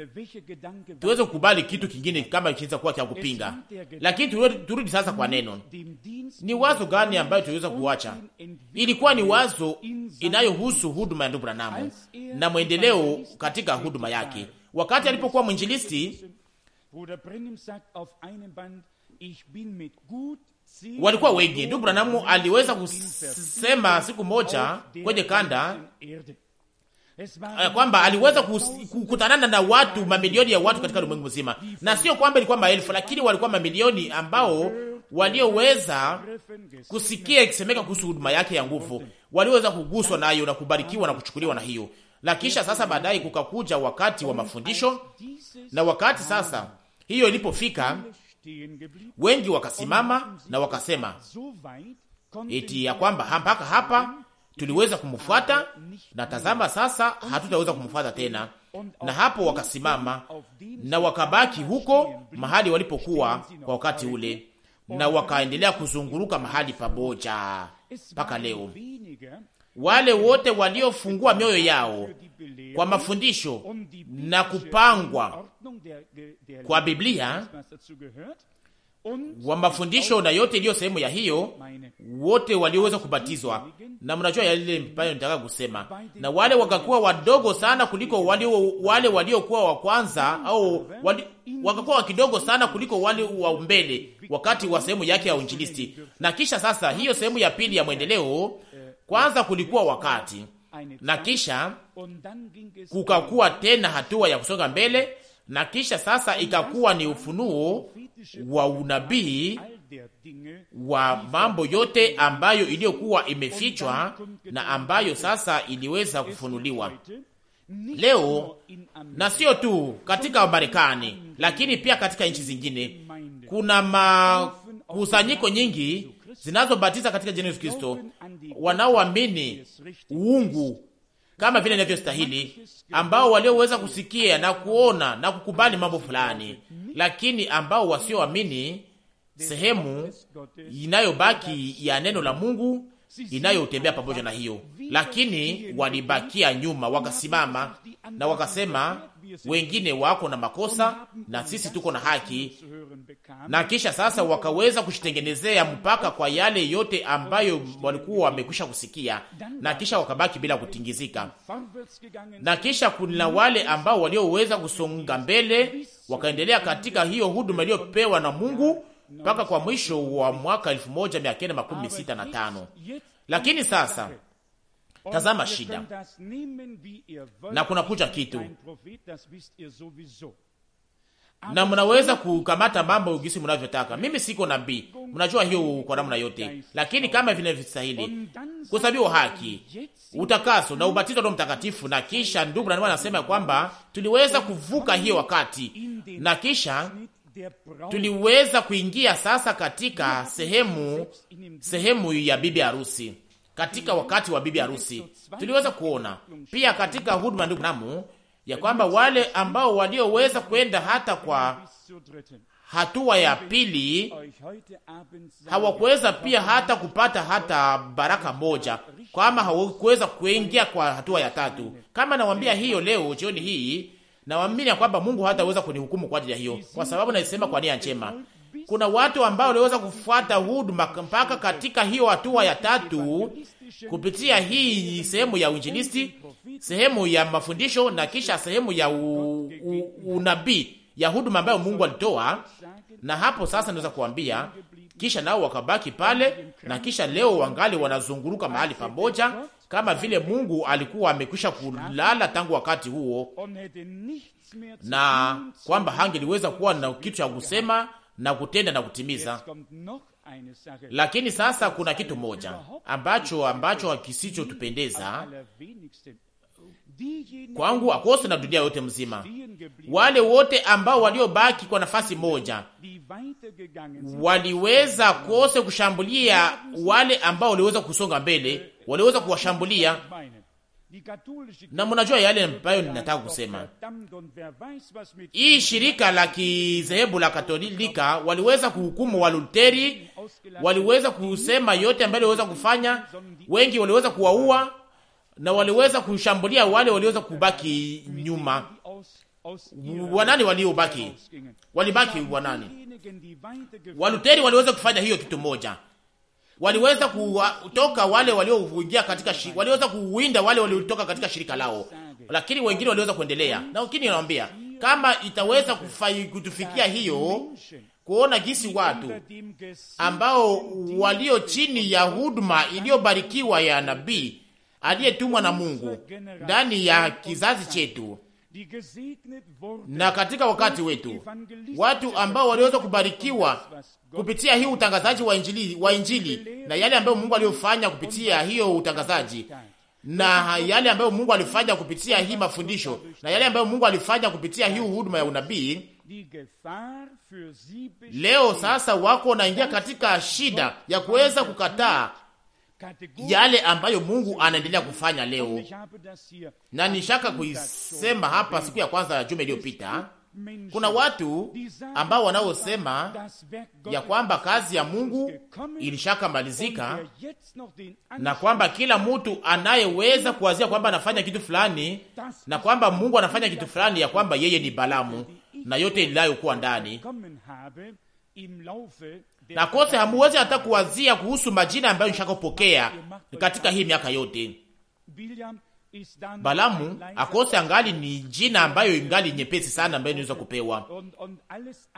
S1: Eh, tuweze kukubali kitu kingine kama kinaweza kuwa cha kupinga, lakini
S2: turudi sasa kwa neno. Ni wazo gani ambayo tuweza kuacha? Ilikuwa ni wazo inayohusu huduma ya ndugu Branamu na mwendeleo katika huduma yake wakati alipokuwa mwinjilisti.
S1: Walikuwa wengi. Ndugu Branamu aliweza kusema siku moja kwenye kanda
S2: kwamba aliweza kukutanana na watu mamilioni ya watu katika ulimwengu mzima, na sio kwamba ilikuwa maelfu, lakini walikuwa mamilioni ambao walioweza kusikia ikisemeka kuhusu huduma yake ya nguvu, walioweza kuguswa nayo na kubarikiwa na kuchukuliwa na hiyo. Na kisha sasa baadaye kukakuja wakati wa mafundisho, na wakati sasa hiyo ilipofika, wengi wakasimama na wakasema eti ya kwamba mpaka hapa tuliweza kumfuata, na tazama sasa hatutaweza kumfuata tena. Na hapo wakasimama na wakabaki huko mahali walipokuwa kwa wakati ule, na wakaendelea kuzunguruka mahali pamoja mpaka leo. Wale wote waliofungua mioyo yao kwa mafundisho na kupangwa kwa Biblia wa mafundisho na yote iliyo sehemu ya hiyo, wote walioweza kubatizwa. Na mnajua yale mpayo nitaka kusema, na wale wakakuwa wadogo sana kuliko wale wale waliokuwa wa kwanza, au wali, wakakuwa wakidogo sana kuliko wale wa mbele wakati wa sehemu yake ya uinjilisti. Na kisha sasa, hiyo sehemu ya pili ya mwendeleo, kwanza kulikuwa wakati, na kisha kukakuwa tena hatua ya kusonga mbele, na kisha sasa ikakuwa ni ufunuo wa unabii wa mambo yote ambayo iliyokuwa imefichwa na ambayo sasa iliweza kufunuliwa leo, na sio tu katika Marekani, lakini pia katika nchi zingine. Kuna makusanyiko nyingi zinazobatiza katika jina Yesu Kristo, wanaoamini uungu kama vile inavyostahili, ambao walioweza kusikia na kuona na kukubali mambo fulani, lakini ambao wasioamini, sehemu inayobaki ya neno la Mungu inayotembea pamoja na hiyo, lakini walibakia nyuma, wakasimama na wakasema, wengine wako na makosa na sisi tuko na haki. Na kisha sasa wakaweza kushitengenezea mpaka kwa yale yote ambayo walikuwa wamekwisha kusikia, na kisha wakabaki bila kutingizika. Na kisha kuna wale ambao walioweza kusonga mbele, wakaendelea katika hiyo huduma iliyopewa na Mungu mpaka kwa mwisho wa mwaka tano. lakini sasa tazama shida
S1: na kuna kunakuja kitu
S2: na mnaweza kukamata mambo gisi mnavyotaka. Mimi siko nabii, mnajua hiyo kwa namna yote, lakini kama vinavyostahili kusabiwa haki, utakaso na ubatizo wa Mtakatifu. Na kisha ndugu nasema anasema kwamba tuliweza kuvuka hiyo wakati na kisha tuliweza kuingia sasa katika sehemu sehemu ya bibi harusi. Katika wakati wa bibi harusi tuliweza kuona pia katika huduma ndugu namu ya kwamba wale ambao walioweza kwenda hata kwa hatua ya pili hawakuweza pia hata kupata hata baraka moja, kama hawakuweza kuingia kwa hatua ya tatu. Kama nawambia hiyo leo jioni hii Nawaamini kwamba Mungu hataweza kunihukumu kwa ajili ya hiyo, kwa sababu naisema kwa nia njema. Kuna watu ambao waliweza kufuata huduma mpaka katika hiyo hatua ya tatu, kupitia hii sehemu ya uinjilisti, sehemu ya mafundisho na kisha sehemu ya unabii ya huduma ambayo Mungu alitoa. Na hapo sasa naweza kuambia kisha nao wakabaki pale, na kisha leo wangali wanazunguruka mahali pamoja kama vile Mungu alikuwa amekwisha kulala tangu wakati huo, na kwamba hangeliweza kuwa na kitu cha kusema na kutenda na kutimiza. Lakini sasa kuna kitu moja ambacho ambacho kisichotupendeza kwangu akose na dunia yote mzima. Wale wote ambao waliobaki kwa nafasi moja waliweza kose kushambulia wale ambao waliweza kusonga mbele, waliweza kuwashambulia na mnajua yale ambayo ninataka kusema. Hii shirika la kizehebu la Katolika waliweza kuhukumu Waluteri, waliweza kusema yote ambayo waliweza kufanya, wengi waliweza kuwaua na waliweza kushambulia wale waliweza kubaki nyuma. Wanani waliobaki walibaki wanani? Waluteri waliweza kufanya hiyo kitu moja, waliweza kutoka wale walioingia katika shi, waliweza kuwinda wale waliotoka katika shirika lao, lakini wengine waliweza kuendelea. Lakini nawaambia kama itaweza kufai, kutufikia hiyo kuona jinsi watu ambao walio chini ya huduma iliyobarikiwa ya nabii aliyetumwa na Mungu ndani ya kizazi chetu na katika wakati wetu, watu ambao waliweza kubarikiwa kupitia hii utangazaji wa injili, wa injili na yale ambayo Mungu aliyofanya kupitia hiyo utangazaji na yale ambayo Mungu alifanya kupitia hii mafundisho na yale ambayo Mungu alifanya kupitia hii huduma ya unabii. Leo sasa wako naingia katika shida ya kuweza kukataa yale ambayo Mungu anaendelea kufanya leo, na nishaka kuisema hapa siku ya kwanza ya juma iliyopita. Kuna watu ambao wanaosema ya kwamba kazi ya Mungu ilishakamalizika na kwamba kila mtu anayeweza kuwazia kwamba anafanya kitu fulani na kwamba Mungu anafanya kitu fulani, ya kwamba yeye ni Balamu na yote iliyokuwa ndani na kose hamuwezi hata kuwazia kuhusu majina ambayo nishakopokea katika hii miaka yote.
S1: Balamu akose angali
S2: ni jina ambayo ingali nyepesi sana ambayo inaweza kupewa,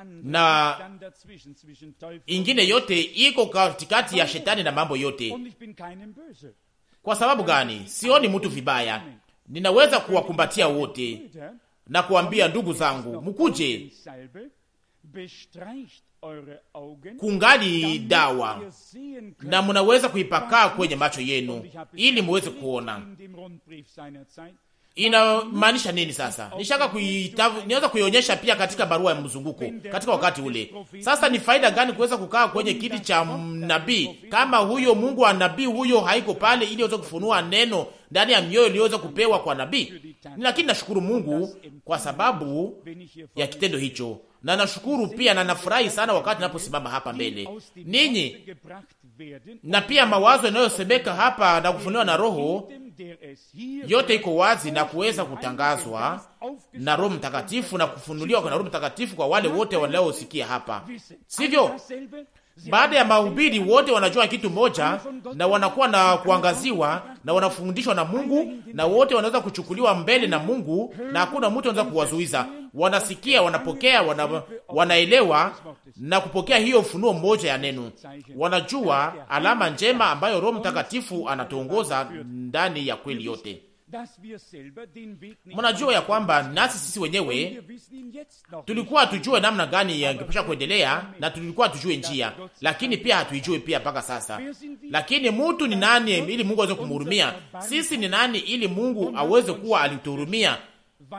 S1: na
S2: ingine yote iko katikati ya shetani na mambo yote. Kwa sababu gani? Sioni mtu vibaya, ninaweza kuwakumbatia wote na kuambia ndugu zangu, mkuje kungali dawa na munaweza kuipakaa kwenye macho yenu ili muweze kuona inamaanisha nini sasa? Nishaka kuitavu, niweza kuionyesha pia katika barua ya mzunguko katika wakati ule. Sasa ni faida gani kuweza kukaa kwenye kiti cha nabii kama huyo Mungu wa nabii huyo haiko pale, ili aweze kufunua neno ndani ya mioyo iliyoweza kupewa kwa nabii? Lakini nashukuru Mungu kwa sababu ya kitendo hicho, na nashukuru pia na nafurahi sana wakati naposimama hapa mbele ninyi, na pia mawazo yanayosemeka hapa na kufunua na Roho yote iko wazi na kuweza kutangazwa na Roho Mtakatifu na kufunuliwa na Roho Mtakatifu kwa wale wote wanaosikia hapa, sivyo? Baada ya mahubiri wote wanajua kitu moja, na wanakuwa na kuangaziwa na wanafundishwa na Mungu, na wote wanaweza kuchukuliwa mbele na Mungu, na hakuna mtu anaweza kuwazuiza wanasikia, wanapokea, wana, wanaelewa na kupokea hiyo mfunuo mmoja ya neno. Wanajua alama njema ambayo Roho Mtakatifu anatuongoza ndani ya kweli yote. Mnajua ya kwamba nasi sisi wenyewe tulikuwa tujue namna gani yangepasha kuendelea, na tulikuwa tujue njia, lakini pia hatuijue pia mpaka sasa. Lakini mtu ni nani ili Mungu aweze kumhurumia? Sisi ni nani ili Mungu aweze kuwa alituhurumia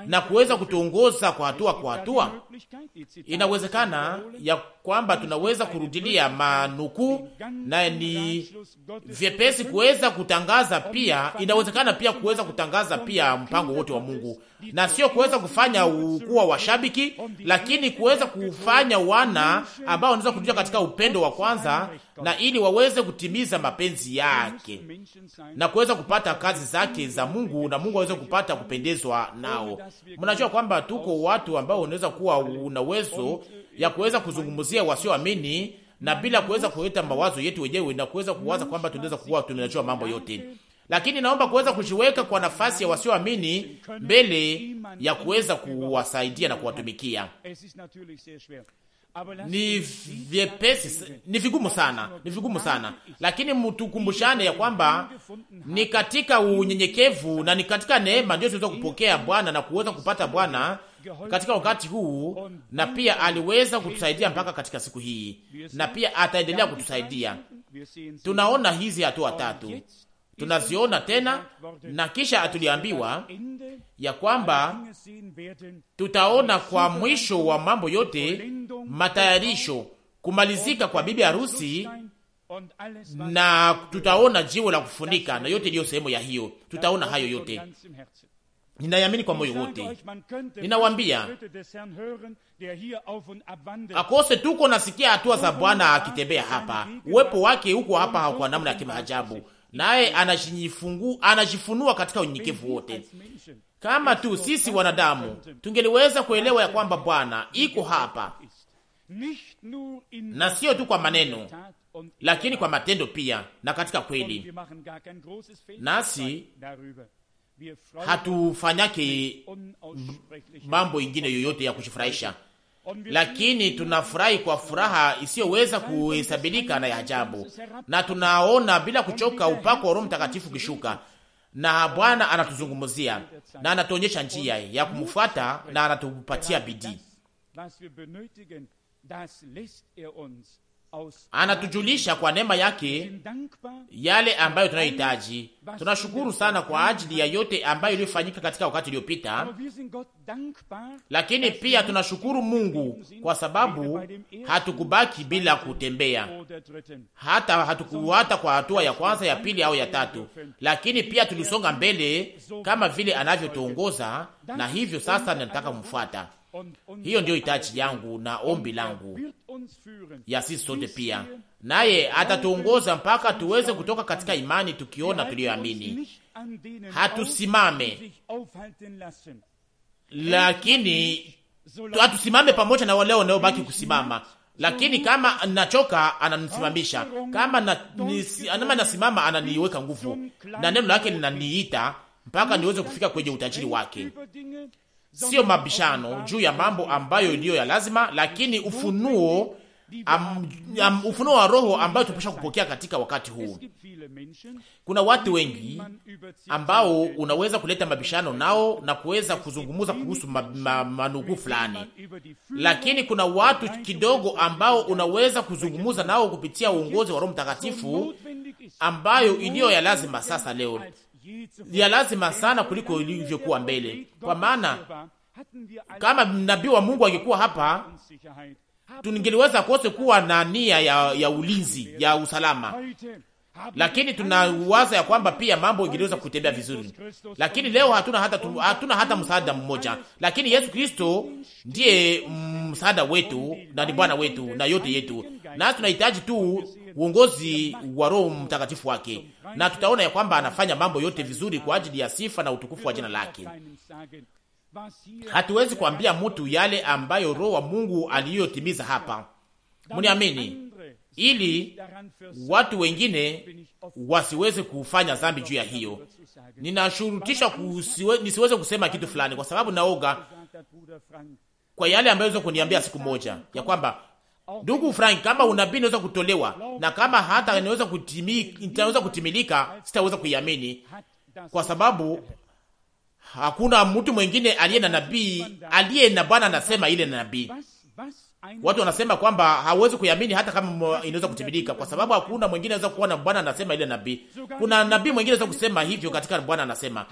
S2: na kuweza kutuongoza kwa hatua kwa hatua. Inawezekana ya kwamba tunaweza kurudilia manukuu na ni vyepesi kuweza kutangaza pia, inawezekana pia kuweza kutangaza pia mpango wote wa Mungu, na sio kuweza kufanya kuwa washabiki, lakini kuweza kufanya wana ambao wanaweza kurudia katika upendo wa kwanza, na ili waweze kutimiza mapenzi yake na kuweza kupata kazi zake za Mungu, na Mungu aweze kupata kupendezwa nao. Mnajua kwamba tuko watu ambao unaweza kuwa una uwezo ya kuweza kuzungumzia wasioamini na bila kuweza kuleta mawazo yetu wenyewe na kuweza kuwaza kwamba tunaweza kuwa tunajua mambo yote, lakini naomba kuweza kujiweka kwa nafasi ya wasioamini mbele ya kuweza kuwasaidia na kuwatumikia. Ni vyepesi, ni vigumu sana, ni vigumu sana, lakini mtukumbushane ya kwamba ni katika unyenyekevu na ni katika neema ndio tunaweza kupokea Bwana na kuweza kupata Bwana katika wakati huu, na pia aliweza kutusaidia mpaka katika siku hii, na pia ataendelea kutusaidia. Tunaona hizi hatua tatu tunaziona tena, na kisha atuliambiwa ya kwamba tutaona kwa mwisho wa mambo yote matayarisho, kumalizika kwa bibi harusi, na tutaona jiwe la kufunika na yote iliyo sehemu ya hiyo. Tutaona hayo yote ninayamini kwa moyo wote, ninawambia akose tuko nasikia hatua za Bwana akitembea hapa, uwepo wake huko hapa kwa namna ya kimaajabu, naye anajifunua katika unyenyekevu wote. Kama tu sisi wanadamu tungeliweza kuelewa ya kwamba Bwana iko hapa na sio tu kwa maneno, lakini kwa matendo pia na katika kweli, nasi
S1: hatufanyake
S2: mambo ingine yoyote ya kushifurahisha, lakini tunafurahi kwa furaha isiyoweza kuhesabilika na ya ajabu, na tunaona bila kuchoka upako wa Roho Mtakatifu ukishuka na Bwana anatuzungumzia na anatuonyesha njia ya kumfuata na anatupatia bidii anatujulisha kwa neema yake yale ambayo tunayohitaji. Tunashukuru sana kwa ajili ya yote ambayo iliyofanyika katika wakati uliopita, lakini pia tunashukuru Mungu kwa sababu hatukubaki bila kutembea hata, hatukuwata kwa hatua ya kwanza, ya pili au ya tatu, lakini pia tulisonga mbele kama vile anavyotuongoza, na hivyo sasa ninataka kumfuata hiyo ndiyo itaji yangu na ombi langu ya sisi sote pia, naye atatuongoza mpaka tuweze kutoka katika imani, tukiona tuliyoamini.
S1: Hatusimame,
S2: lakini hatusimame pamoja na wale wanaobaki kusimama, lakini kama nachoka ananisimamisha, kama anama nasimama ananiweka nguvu, na neno lake linaniita mpaka niweze kufika kwenye utajiri wake sio mabishano juu ya mambo ambayo iliyo ya lazima, lakini ufunuo am, am, ufunuo wa roho ambayo tupasha kupokea katika wakati huu. Kuna watu wengi ambao unaweza kuleta mabishano nao na kuweza kuzungumza kuhusu ma, ma, manukuu fulani, lakini kuna watu kidogo ambao unaweza kuzungumza nao kupitia uongozi wa Roho Mtakatifu ambayo iliyo ya lazima sasa leo ya lazima sana kuliko ilivyokuwa mbele, kwa maana kama nabii wa Mungu angekuwa hapa tuningeliweza kose kuwa na nia ya, ya ulinzi ya usalama, lakini tunawaza ya kwamba pia mambo ingeliweza kutembea vizuri, lakini leo hatuna hata, hatuna hata msaada mmoja, lakini Yesu Kristo ndiye msaada wetu na ni Bwana wetu na yote yetu, nasi tunahitaji tu uongozi wa Roho Mtakatifu wake, na tutaona ya kwamba anafanya mambo yote vizuri kwa ajili ya sifa na utukufu wa jina lake. Hatuwezi kuambia mtu yale ambayo Roho wa Mungu aliyotimiza hapa, mniamini, ili watu wengine wasiweze kufanya dhambi juu ya hiyo. Ninashurutisha kusiwe, nisiweze kusema kitu fulani, kwa sababu naoga kwa yale ambayo weza kuniambia siku moja ya kwamba Ndugu Frank, kama unabii inaweza kutolewa na kama hata inaweza kutimi, inaweza kutimilika, sitaweza kuiamini kwa sababu hakuna mtu mwingine aliye na nabii aliye na Bwana anasema ile na nabii Watu wanasema kwamba hawezi kuiamini hata kama inaweza kutimilika, kwa sababu hakuna mwingine anaweza kuwa na Bwana anasema ile nabii. Kuna nabii mwingine anaweza kusema hivyo katika Bwana anasema.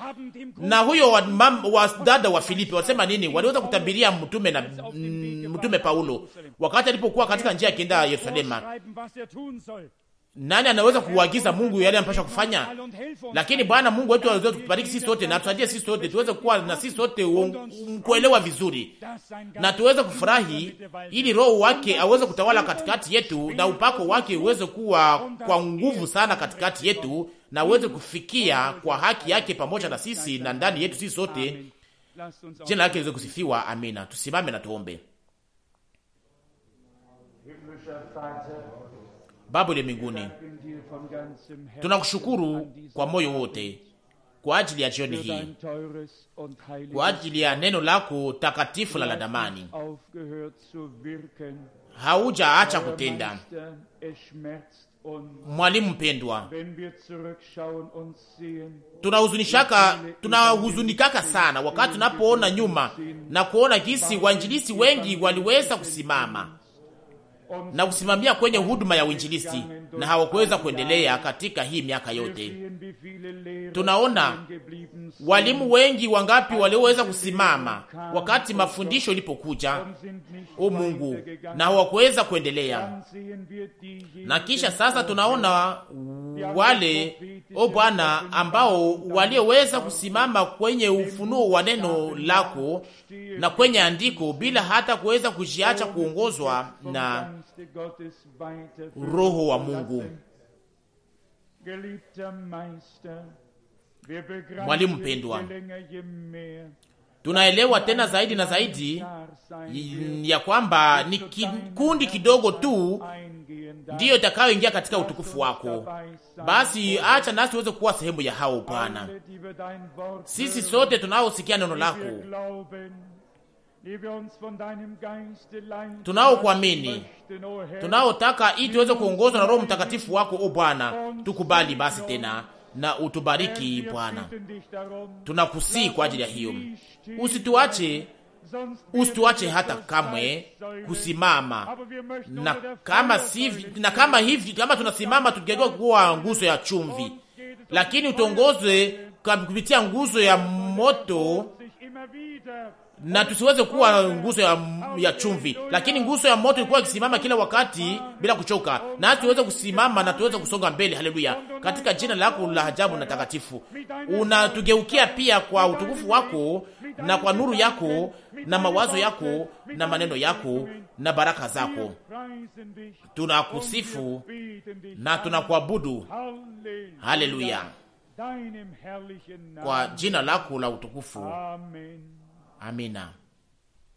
S2: Na huyo wa, mam, wa dada wa Filipi wasema nini? Waliweza kutabiria mtume na mm, mtume Paulo wakati alipokuwa katika njia ya kienda Yerusalemu nani anaweza kuagiza Mungu yale anampasha kufanya? Lakini Bwana Mungu wetu aweze kutubariki sisi sote na tusaidie sisi sote tuweze kuwa na sisi sote kuelewa vizuri na tuweze kufurahi, ili Roho wake aweze kutawala katikati yetu na upako wake uweze kuwa kwa nguvu sana katikati yetu na uweze kufikia kwa haki yake pamoja na sisi na ndani yetu sisi sote. Jina lake liweze kusifiwa, amina. Tusimame na tuombe. Baba ya mbinguni,
S1: tunakushukuru
S2: kwa moyo wote kwa ajili ya jioni hii, kwa ajili ya neno lako takatifu la ladamani. Haujaacha kutenda,
S1: mwalimu mpendwa.
S2: Tunahuzunishaka, tunahuzunikaka sana wakati tunapoona nyuma na kuona jinsi wainjilisi wengi waliweza kusimama na kusimamia kwenye huduma ya uinjilisti, na hawakuweza kuendelea katika hii miaka yote. Tunaona Walimu wengi wangapi walioweza kusimama wakati mafundisho ilipokuja, o Mungu, na hawakuweza kuendelea. Na kisha sasa tunaona wale, o Bwana, ambao walioweza kusimama kwenye ufunuo wa neno lako na kwenye andiko bila hata kuweza kujiacha kuongozwa na Roho wa Mungu
S1: mwalimu mpendwa,
S2: tunaelewa tena zaidi na zaidi ya kwamba ni kikundi kidogo tu ndiyo itakayoingia katika utukufu wako. Basi acha nasi tuweze kuwa sehemu ya hao Bwana, sisi sote tunaosikia neno lako,
S1: tunaokuamini, tunaotaka
S2: ili tuweze kuongozwa na Roho Mtakatifu wako. O Bwana,
S1: tukubali basi
S2: tena na utubariki Bwana. Tunakusii kwa ajili ya hiyo, usituache usituache hata kamwe kusimama na kama sivi, na kama hivi kama tunasimama tukigeuka kuwa nguzo ya chumvi, lakini utongoze kupitia nguzo ya moto na tusiweze kuwa nguzo ya, ya chumvi, lakini nguzo ya moto ilikuwa ikisimama kila wakati bila kuchoka, na tuweze kusimama na tuweze kusonga mbele. Haleluya! Katika jina lako la ajabu na takatifu, unatugeukia pia kwa utukufu wako na kwa nuru yako na mawazo yako na maneno yako na baraka zako. Tunakusifu na tunakuabudu. Haleluya,
S1: kwa jina lako la utukufu.
S2: Amen. Amém.